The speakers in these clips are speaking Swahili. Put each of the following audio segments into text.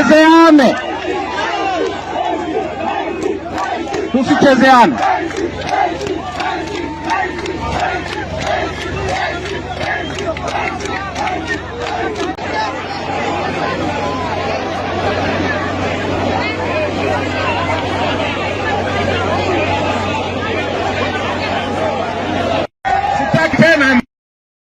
tusichezeane, tusichezeane.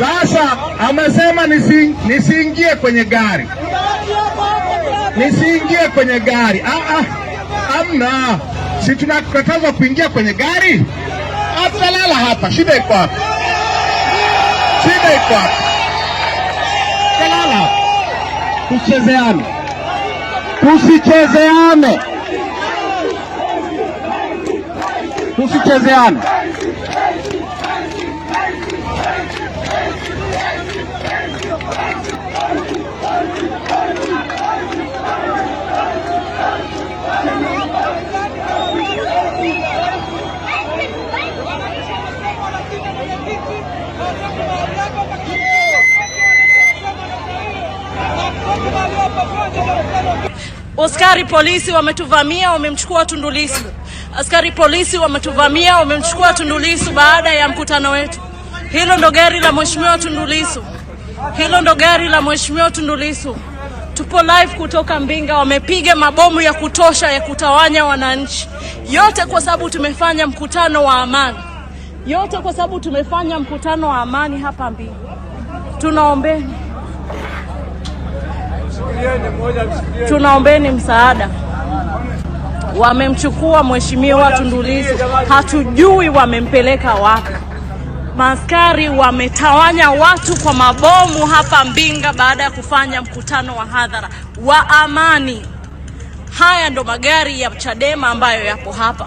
Sasa amesema nisi, nisiingie kwenye gari, nisiingie kwenye gari. Ah, ah, amna, si tunakatazwa kuingia kwenye gari? Atalala hapa, shida iko hapa, shida iko hapa. Talala, tusichezeane, tusichezeane, tusichezeane. Askari polisi wametuvamia wamemchukua Tundu Lissu. Askari polisi wametuvamia wamemchukua Tundu Lissu baada ya mkutano wetu. Hilo ndo gari la mheshimiwa Tundu Lissu. Hilo ndo gari la mheshimiwa Tundu Lissu. Tupo live kutoka Mbinga, wamepiga mabomu ya kutosha ya kutawanya wananchi. Yote kwa sababu tumefanya mkutano wa amani. Yote kwa sababu tumefanya mkutano wa amani hapa Mbinga. Tunaombeni tunaombeni msaada. Wamemchukua mheshimiwa Tundu Lissu, hatujui wamempeleka wapi. maskari wametawanya watu kwa mabomu hapa Mbinga baada ya kufanya mkutano wa hadhara wa amani. Haya ndo magari ya Chadema ambayo yapo hapa.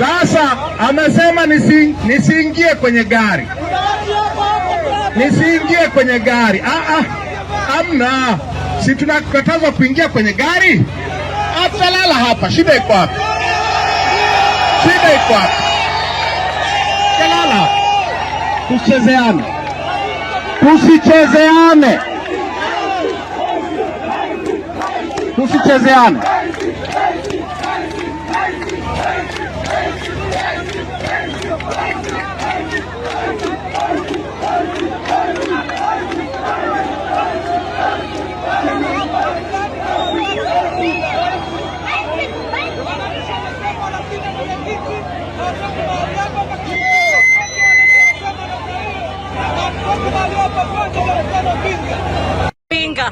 Sasa amesema nisi, nisiingie kwenye gari, nisiingie kwenye gari. Ah, ah, amna, si tunakatazwa kuingia kwenye gari? Atalala hapa, shida iko hapa, Shida iko wapi? Talala, tusichezeane, tusichezeane, tusichezeane.